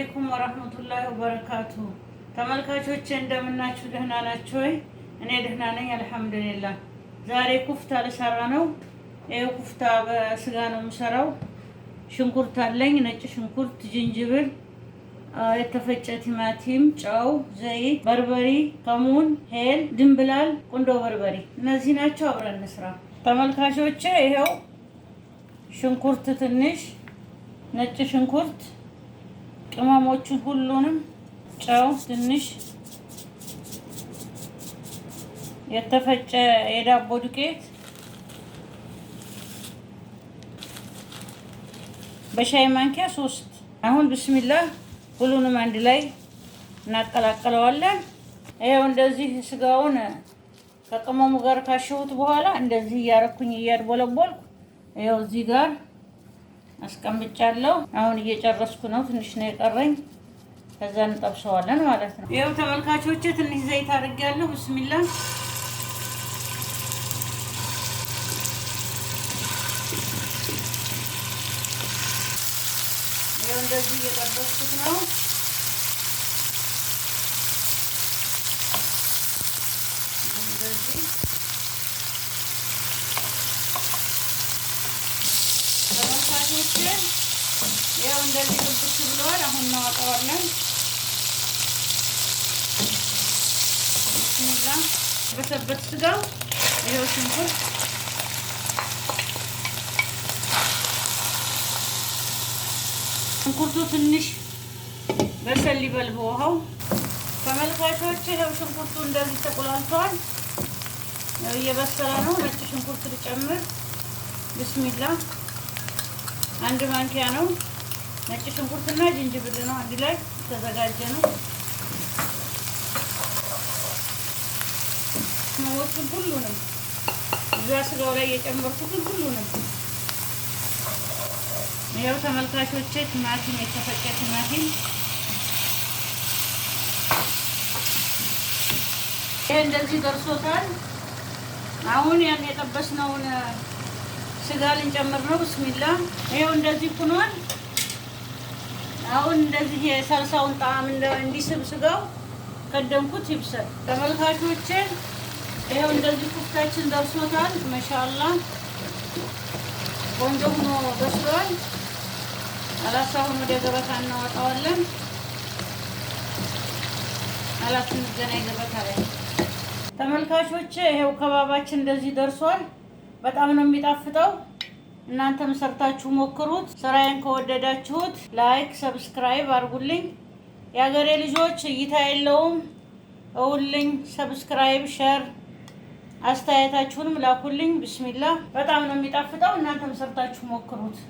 አለይኩም ወረህመቱላሂ ወበረካቱ። ተመልካቾች እንደምናችሁ ደህና ናችሁ ወይ? እኔ ደህና ነኝ አልሐምዱሊላህ። ዛሬ ኩፍታ ልሰራ ነው። ይኸው ኩፍታ በስጋ ነው የምሰራው። ሽንኩርት አለኝ፣ ነጭ ሽንኩርት፣ ዝንጅብል፣ የተፈጨ ቲማቲም፣ ጨው፣ ዘይት፣ በርበሪ፣ ከሙን፣ ሄል፣ ድንብላል፣ ቁንዶ በርበሪ እነዚህ ናቸው። አብረን እንስራ ተመልካቾቼ። ይኸው ሽንኩርት ትንሽ ነጭ ሽንኩርት ቅመሞቹን ሁሉንም ጨው፣ ትንሽ የተፈጨ የዳቦ ዱቄት፣ በሻይ ማንኪያ ሶስት። አሁን ብስሚላህ ሁሉንም አንድ ላይ እናቀላቅለዋለን። ይኸው እንደዚህ ስጋውን ከቅመሙ ጋር ካሸሁት በኋላ እንደዚህ እያረኩኝ እያድቦለቦልኩ ይኸው እዚህ ጋር አስቀምጫለሁ። አሁን እየጨረስኩ ነው። ትንሽ ነው የቀረኝ። ከዛ እንጠብሰዋለን ማለት ነው። ይኸው ተመልካቾቼ ትንሽ ዘይት አድርጌያለሁ። ብስሚላ ይኸው እንደዚህ እየጠበስኩት ነው። ውዶቼ ያው እንደዚህ ጥብስ ብለዋል። አሁን እናወጣዋለን። ብስሚላ በሰበት ስጋው ይኸው ሽንኩርት ሽንኩርቱ ትንሽ በሰል ሊበል በውሃው ተመልካቾች፣ ይኸው ሽንኩርቱ እንደዚህ ተቆላልተዋል። ያው እየበሰለ ነው። ነጭ ሽንኩርት ልጨምር። ብስሚላ አንድ ማንኪያ ነው። ነጭ ሽንኩርትና ጅንጅብል ነው አንድ ላይ ተዘጋጀ ነው። ሁሉ ሁሉንም እዛ ስጋው ላይ የጨመርኩትን ሁሉንም ያው ተመልካቾቼ ቲማቲም የተፈጨ ቲማቲም ይሄ እንደዚህ ደርሶታል። አሁን ያን የጠበስነውን ስጋ ልንጨምር ነው። ብስሚላ ይኸው እንደዚህ ኩኗል። አሁን እንደዚህ የሰልሳውን ጣዕም እንዲስብ ስጋው ቀደምኩት ይብሰል። ተመልካቾቼ ይኸው እንደዚህ ኩፍታችን ደርሶታል። መሻላ ቆንጆ ሆኖ በስሏል። አላሳሁን ወደ ገበታ እናወጣዋለን። አላቱን ገና ገበታ ላይ ተመልካቾቼ ይኸው ከባባችን እንደዚህ ደርሷል። በጣም ነው የሚጣፍጠው። እናንተም ሰርታችሁ ሞክሩት። ስራዬን ከወደዳችሁት ላይክ፣ ሰብስክራይብ አድርጉልኝ። የሀገሬ ልጆች እይታ የለውም እውልኝ። ሰብስክራይብ፣ ሸር፣ አስተያየታችሁንም ላኩልኝ። ብስሚላ በጣም ነው የሚጣፍጠው። እናንተም ሰርታችሁ ሞክሩት።